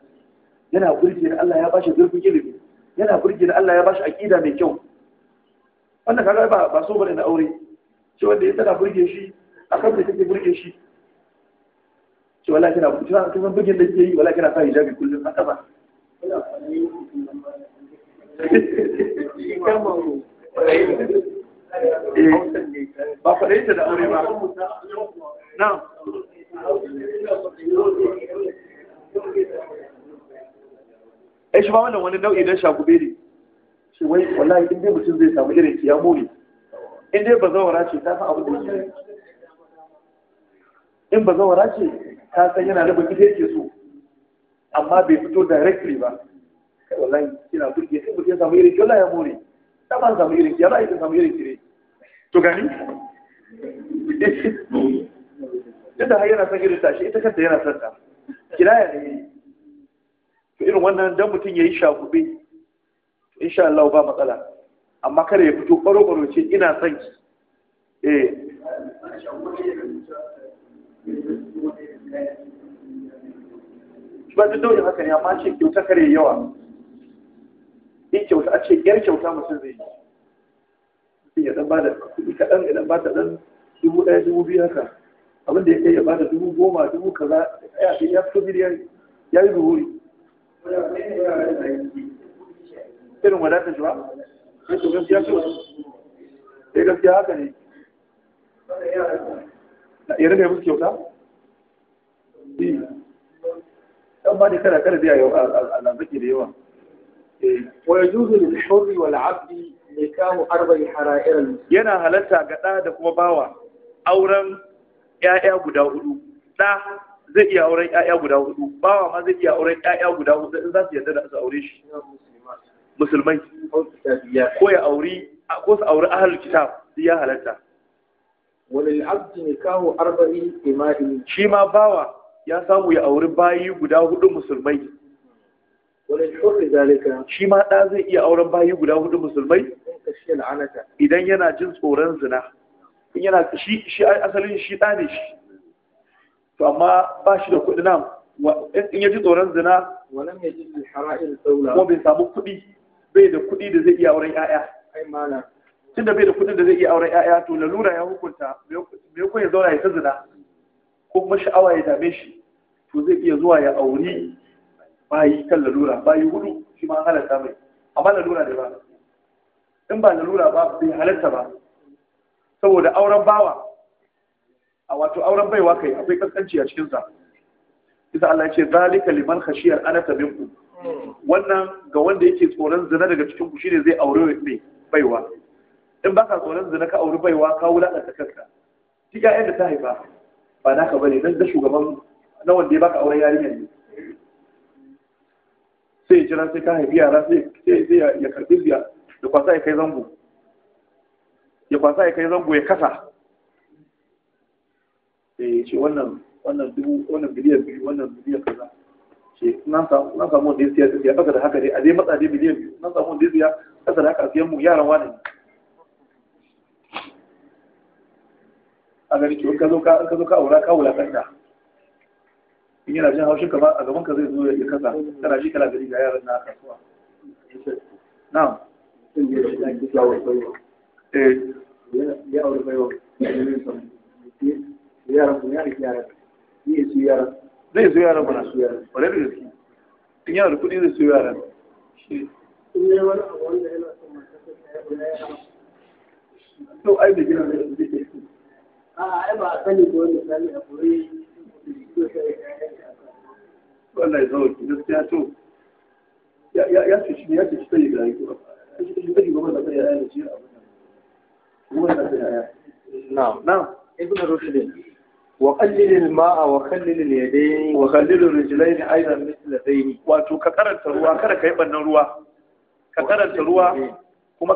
Speaker 1: yana burge Allah ya ba shi zurfin ilimi yana burge Allah ya ba shi aƙida mai kyau wannan kaga ba ba so bane na aure shi wanda ya tana burge shi akan da take burge shi ce wala kina bugin da ke yi wala kina kullum haka ba ba da aure ba wannan wani nau'i don shagube ne shi wai wallahi in dai mutum zai samu irin ya more in ba zawara ce ta fi abu da yake in ba zawara ce ka san yana nufin ita yake so amma bai fito directly ba kai wallahi ina burge sai mutum ya samu irin kyau ya more ta ban samu irin kyau ya samu irin kire to gani yadda har yana son irin tashi ita kanta yana son ta kiraya ne to irin wannan dan mutum yayi shagube insha Allah ba matsala amma kada ya fito baro baro ce ina son ki eh shi ba duk daurin haka ne amma ce kyauta kare yawa in kyauta a ce yar kyauta mutum zai yi ya dan bada kuɗi kaɗan ya dan bada dan dubu ɗaya dubu biyu haka abinda ya kai ya bada dubu goma dubu kaza ya fito miliyan ya yi zuhuri irin wadata shi ba ya to gaskiya ce eh, ya gaskiya haka ne ya rage musu kyauta dan eh. ba da kada kada da yau da yawa eh. wa yajuzu lil hurri wal abdi nikahu arba'i hara'ir yana halatta ga da da kuma bawa auren ƴaƴa guda hudu da zai iya auren ƴaƴa guda hudu bawa ma zai iya auren ƴaƴa guda hudu in za su yarda da su aure shi musulmai ko ya auri ko kitab ya halatta wa lil abdi nikahu shi ma bawa ya samu ya auri bayi guda hudu musulmai shi ma ɗa zai iya auren bayi guda hudu musulmai idan yana jin tsoron zina in yana shi asalin shi ɗa ne shi to amma ba shi da kuɗi nan in ya ji tsoron zina kuma bai samu kuɗi bai da kuɗi da zai iya auren 'ya'ya tun da bai da kuɗin da zai iya auren 'ya'ya to lalura ya hukunta me ya zauna ya ta zina ko kuma sha'awa ya dame shi to zai iya zuwa ya auri bayi kan lalura bayi hudu shi ma halatta mai amma lalura ne ba in ba lalura ba bai halatta ba saboda auren bawa a wato auren baiwa kai akwai kaskanci a cikinsa isa Allah ya ce zalika liman khashiyar anata minku wannan ga wanda yake tsoron zina daga cikin ku shine zai aure mai baiwa in baka tsoron zina ka aure baiwa ka wulaka kanka Shi ga yadda ta haifa ba naka bane nan da shugaban na wanda ya baka auren yarinyar ne sai ya jira sai ka haifi yara sai ya karɓi siya, ya kwasa ya kai zango ya kwasa ya kai zango ya kasa sai eh, ya ce wannan wannan dubu wannan biliyan biyu wannan biliyan kaza ce na samu wanda ya siya siya kasa da haka dai a zai matsa dai biliyan biyu na samu wanda ya siya kasa da haka siyan mu yaran wane ne a gani ki ka zo ka ka zo ka aura ka wulakanta in yana jin haushin kamar a gaban ka zai zo ya kasa kana shi kana gari ga yaran na kasuwa na'am eh. ya yaran yaran yaran yaran zai su yaran bana su yaran da gaske in yana da kuɗi zai su yaran ya to ai da gina zai A'a, ba a sani ko wani a Ya ce shi ya ce shi yi ya Kuma ya. وقلل الماء وخلل اليدين وخلل الرجلين ايضا مثل ذين wato ka karanta ruwa kada ka yi bannan ruwa ka karanta ruwa kuma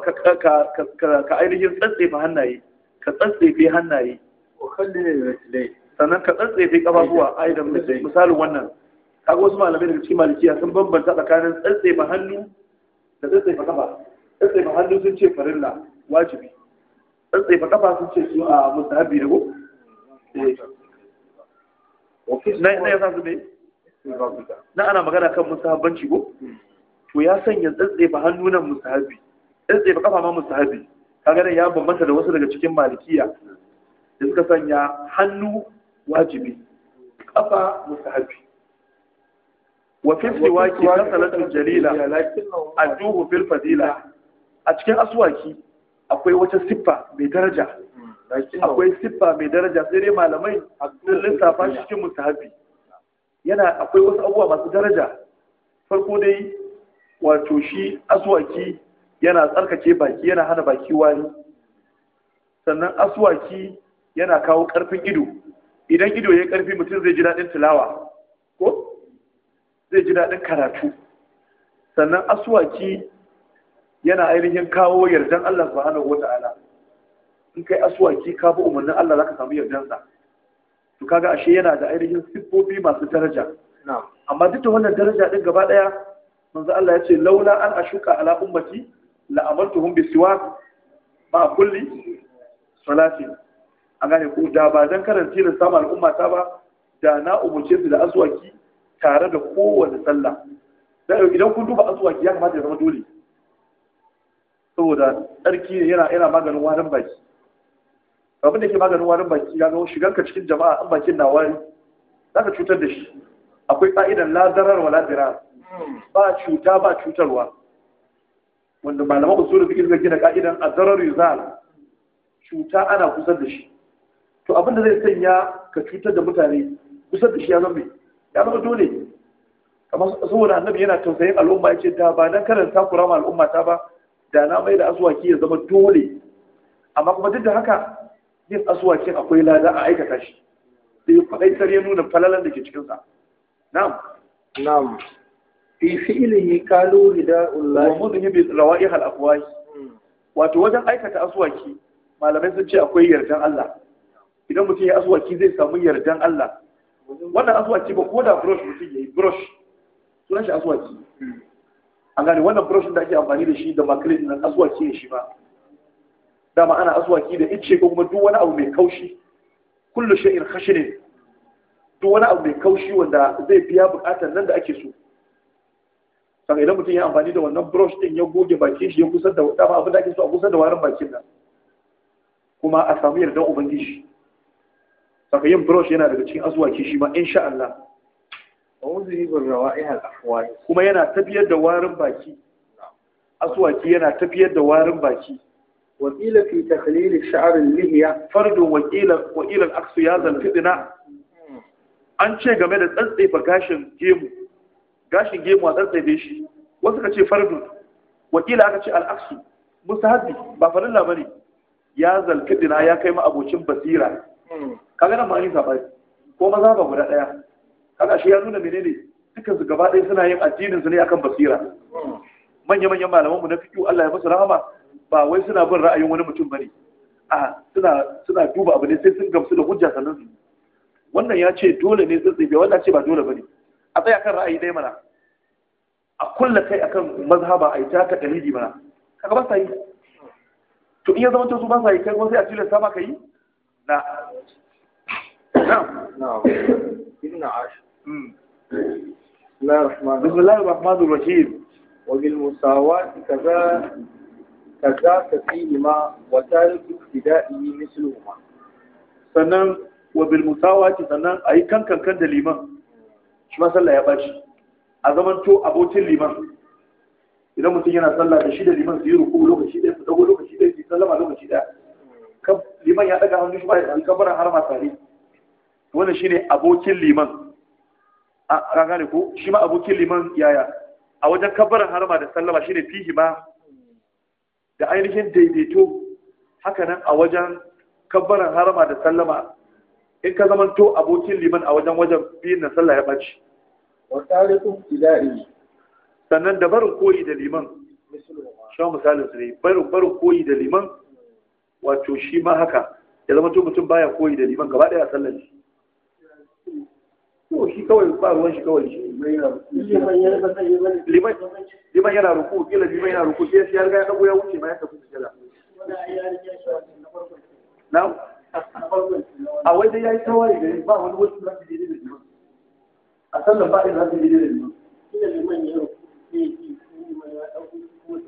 Speaker 1: ka ainihin tsatsefe hannaye ka tsatsefe hannaye sannan ka a idan mutane misalin wannan kaga wasu malamai daga cikin malikiya sun bambanta tsakanin tsantsefe hannu da tsantsefe kafa tsantsefe hannu sun ce farilla wajibi tsantsefe kafa sun ce su a ah, mustahabi da ko eh. na ya sa su ne na ana magana kan mustahabbanci ko to ya sanya tsantsefe hannu nan mustahabi tsantsefe kafa ma mustahabi kaga ya bambanta da wasu daga cikin malikiya da suka sanya hannu wajibi ƙafa mustahabi wa fi siwaki salatu jalila adduhu fil fadila a cikin aswaki akwai wata siffa mai daraja akwai siffa mai daraja sai dai malamai sun lissafa shi cikin mustahabi yana akwai wasu abubuwa masu daraja farko dai wato shi aswaki yana tsarkake baki yana hana baki wari sannan aswaki yana kawo ƙarfin ido idan ido ya karfi mutum zai ji daɗin tilawa ko zai ji daɗin karatu sannan aswaki yana ainihin kawo yardan Allah subhanahu wata'ala in kai aswaki ka bi umarnin Allah zaka samu yardansa to kaga ashe yana da ainihin siffofi masu daraja amma duk da wannan daraja din gaba daya manzo Allah ya ce laula an ashuka ala ummati la amartuhum siwak ba kulli salatin a gane ku da ba don karanci da samun al'umma ta ba da na umarce su da aswaki tare da kowane sallah idan kun duba aswaki ya kamata ya zama dole saboda tsarki yana yana maganin warin baki abin da ke maganin warin baki ya ga shigar ka cikin jama'a an bakin na wari zaka cutar da shi akwai fa'idan la darar wala dirar ba cuta ba cutarwa wanda malaman usulul fiqh suka gina ka'idan ad yuzal cuta ana kusa da shi to abin da zai sanya ka cutar da mutane kusa da shi ya zama ya zama dole kamar saboda annabi yana tausayin al'umma ya ce da ba dan karanta takura ma al'umma ta ba da na mai da asuwaki ya zama dole amma kuma duk da haka yin asuwakin akwai lada a aikata shi sai kwaɗaitar ya nuna falalan da ke cikinsa na'am na'am fi fi'ilihi kalu rida'ullahi wa mudhi bi rawa'ih al-aqwai hmm. wato wajen aikata asuwaki malamai sun ce akwai yardan Allah idan mutum ya aswaki zai samu yardan Allah wannan aswaki ba ko da brush mutum ya yi brush sunan shi aswaki an gane wannan brush da ake amfani da shi da makirin nan aswaki ne shi ba dama ana aswaki da ice ko kuma duk wani abu mai kaushi kullu shay'in khashin duk wani abu mai kaushi wanda zai biya bukatar nan da ake so saka idan mutum ya amfani da wannan brush din ya goge bakin shi ya kusa da dama abin da ake so a kusa da warin bakin nan kuma a samu yardan ubangiji saka yin brush yana daga cikin aswaki shi ma insha Allah kuma yana tafiyar da warin baki aswaki yana tafiyar da warin baki wakila fi takhlil sha'r al-lihya fardu wakila wakila al-aksu ya zal fitna an ce game da tsantsefa gashin gemu gashin gemu a tsantsefe shi wasu ka ce fardu wakila aka ce al-aksu mustahabi ba farilla bane ya zal fitna ya kai ma abocin basira hmm. kaga nan ba ni sabani ko maza ba guda daya kaga shi ya nuna menene dukkan su gaba ɗaya suna yin addinin su ne akan basira manya manyan malaman mu na fiqh Allah ya musu rahama ba wai suna bin ra'ayin wani mutum bane a suna suna duba abu ne sai sun gamsu da hujja sannan su wannan ya ce dole ne tsitsi bai wannan ce ba dole bane a tsaya kan ra'ayi dai mana a kulla kai akan mazhaba a yi ta ka dalili mana kaga ba sa yi to in ya zama su ba sa yi kai kuma sai a tilasta ma ka yi na na'am ibn ashir بسم الله الرحمن الرحيم وبالمساواة كذا كذا كفيهما وتارك ابتدائه مثلهما sannan wa bil musawati sannan ayi kankan kan da liman shi ma sallah ya baci a zaman to abokin liman idan mutum yana sallah da shi da liman su yi ruku lokaci ɗaya su dago lokaci ɗaya su sallama lokaci ɗaya liman ya hannu shi ba ya wannan shine abokin liman a gane ko shi ma abokin liman yaya a wajen kabbaran harama da sallama shine fihi ma da ainihin daidaito hakanan a wajen kabbaran harama da sallama in ka to abokin liman a wajen wajen biyun na sallah ya ɓaci wa tariqu ila'i sannan da barin koyi da liman shawar misalin su ne barin koyi da liman wato shi ma haka ya zama to mutum baya koyi da liman gaba daya sallar shi to shi kawai ba ruwan shi kawai shi liman yana ruku kila liman yana ruku sai ya riga ya dago ya wuce ma ya tafi sujada na a wai dai yayi tawaye gari ba wani wasu da su da liman a sallan ba irin su da liman kila liman ya ruku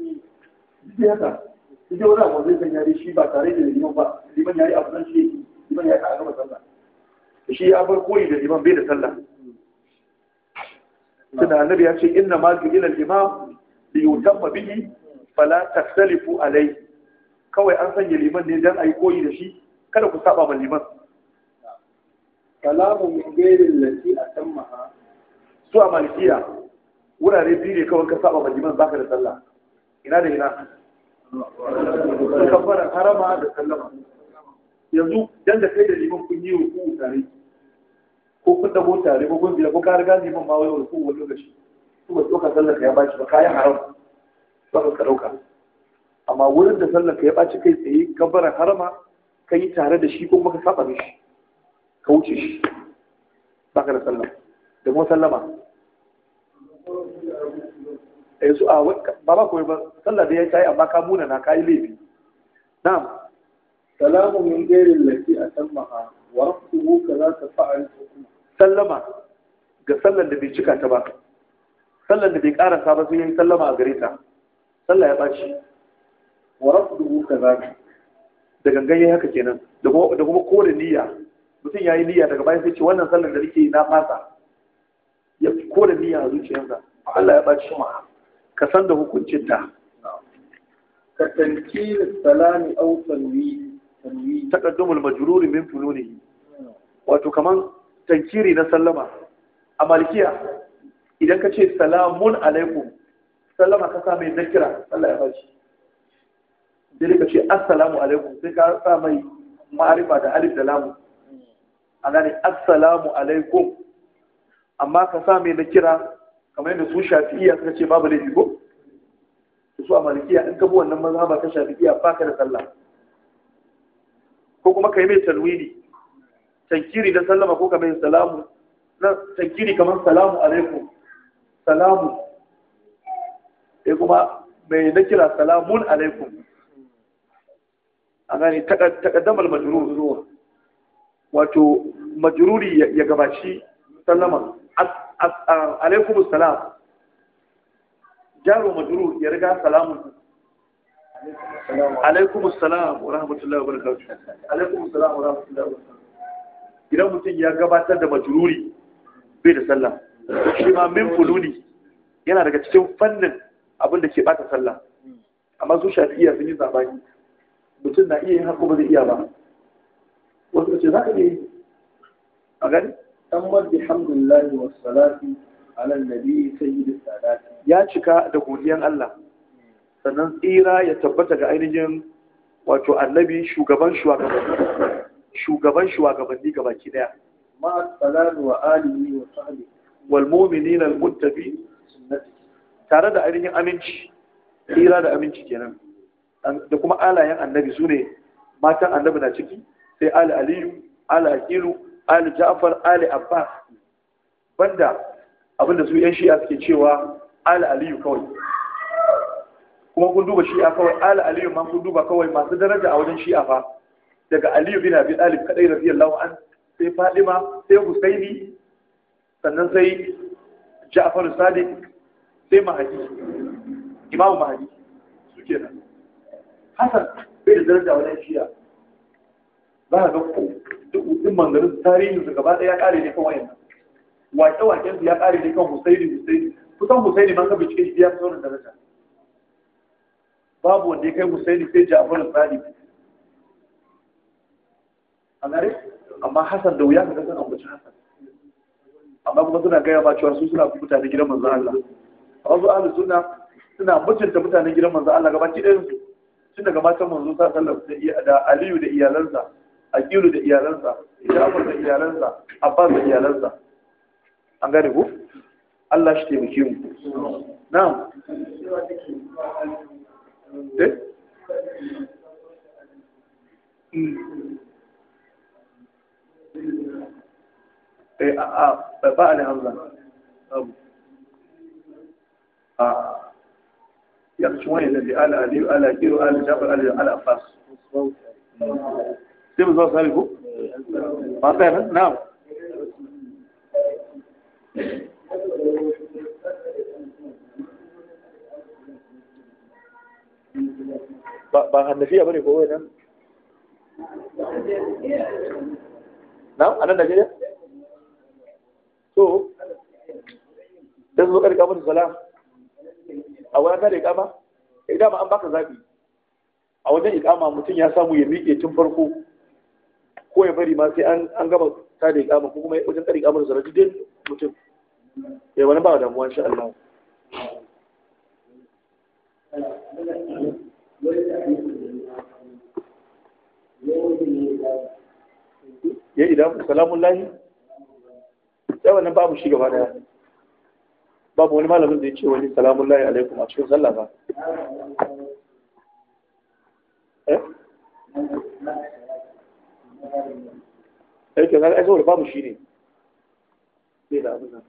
Speaker 1: sai ya ya shi ba tare da liman ba liman ya abu nan shi liman ya yi a gaba sallah shi ya bar koyi da liman bai da sallah tunda annabi ya ce inna ma ila al-imam li yutamma bihi fala taktalifu alai kawai an sanya liman ne dan yi koyi da shi kada ku saba ma liman kalamu min ghairi allati atammaha su a malikiya wurare biyu ne kawai ka saba ma liman baka da sallah ina da ina kafara harama da sallama yanzu dan da kai da liman kun yi ruku tare ko kun dago tare ko kun biya ko ka riga neman ma wai ku wani lokaci su ba ɗauka sallar ka ya baci ba kayan haram ba ka ɗauka amma wurin da sallar ka ya baci kai tsaye gabaran harama ka yi tare da shi ko kuma ka saba shi, ka wuce shi ba ka da sallah da mu sallama yanzu eh, a ba ba kawai ba sallah da ya yi amma ka muna na kayi laifi na'am salamu min gairin lafi a san ma'a wa rabbuhu kadhaka fa'al sallama ga sallan da bai cika ta ba sallan da bai karasa ba sai yayi sallama a gare ta sallah ya baci wa rabbuhu kadhaka da gangan yi haka kenan da kuma da kore niyya mutum ya yi niyya daga bayan sai ce wannan sallan da nake na fasa ya kore niyya a zuciyarsa Allah ya ɓaci ma ka san da hukuncin ta ka tankil salami aw tanwi taƙaddumul majruri min fununihi wato kaman tankiri na sallama a malikiya idan ka ce salamun alaikum sallama ka sa mai zakira Allah ya bashi dai ka ce assalamu alaikum sai ka sa mai ma'arifa da alif da lam a gane assalamu alaikum amma ka sa mai zakira kamar yadda su shafi'iya suka ce babu laifi ko su a malikiya in ka bi wannan mazhaba ta shafi'iya baka da sallah ko kuma ka yi mai talwini tankiri da sallama ko ka mai salamu na tankiri kamar salamu alaikum salamu sai eh, kuma mai na kira salamun alaikum a gani takaddamar majurur zuwa wato majururi ya gabaci sallama alaikum salam jaro majurur ya riga salamun alaikum assalam wa rahmatullahi wa barakatuhu alaikum assalam wa rahmatullahi wa barakatuhu idan mutum ya gabatar da majruri bai da sallah shi ma min fululi yana daga cikin fannin abin da ke bata sallah amma su shafi'iyya sun yi zabani mutum na iya yin haka ba zai iya ba wasu ce za ka iya yi a gani tammar bi hamdulillahi wa salati ala nabi sayyidis sadati ya cika da godiyan Allah sannan tsira ya tabbata ga ainihin wato annabi shugaban shugabanni shugaban shugabanni ga baki daya ma salatu wa alihi wa sahbi wal mu'minina al muttabi tare da ainihin aminci tsira da aminci kenan da kuma alayen annabi sune matan annabi na ciki sai ali aliyu ali aqilu ali ja'far ali abbas banda abinda su yan shi'a suke cewa ali aliyu kawai kuma kun duba shi'a kawai ala aliyu ma kun duba kawai masu daraja a wajen shi'a fa daga aliyu bin abi talib kadai radiyallahu an sai fadima sai husaini sannan sai ja'far sadiq sai Mahdi. Imam Mahdi su kenan hasan bai da daraja a wajen shi'a za ga ko duk din mangarin tarihin su gaba daya ya kare ne kan wayan wake-waken ya kare ne kan husaini husaini kusan husaini man ka bincike shi ya fi sauran daraja babu wanda ya kai husaini sai ja'far tsari a gare amma hasan da wuya ka a wuce hasan amma kuma suna gaya ma cewa su suna mutane gidan manzo Allah a wasu ahlus suna mutunta mutanen gidan manzo Allah gaba ɗayan su tun daga matan manzo sa sallallahu da Aliyu da iyalansa Aqilu da iyalansa Jabir da iyalansa Abbas da iyalansa an gane ku Allah shi taimake mu na'am eh eh a ba ali hamza abu a yakci wani da ala aliyu ala kiru ala jafar ala ala abbas sai mu zuwa sami ko ba sai na ba hannafiya ne kowai nan? Nan? a nan Najeriya to da zo karka mun salam a wani kare eh, kama idan an baka zaɓi. a wajen ikama mutum ya samu ya miƙe tun farko ko ya bari ma sai an gaba ta da ikama ko kuma wajen tsari da sarar duk mutum ya eh, wani ba damuwa insha Allah ya idan salamun lahi ya wannan babu shi gaba daya babu wani malamin da ya ce wani salamun lahi alaikum a cikin sallah ba eh eh to kaga saboda babu shi ne bai da abu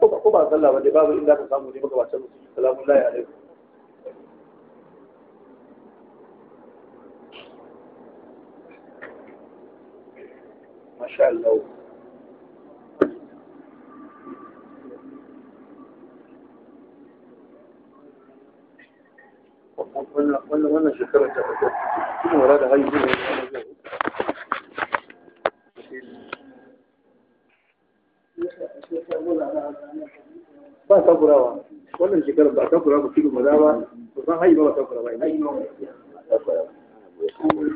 Speaker 1: ko ba sallah ba dai babu inda ka samu ne magabacin musulmi salamun lahi alaikum masha Allah wannan shekarar ta ba kurawa wannan shekarar ba kurawa ba kudu maza ba ba san haihuwa ba takura ba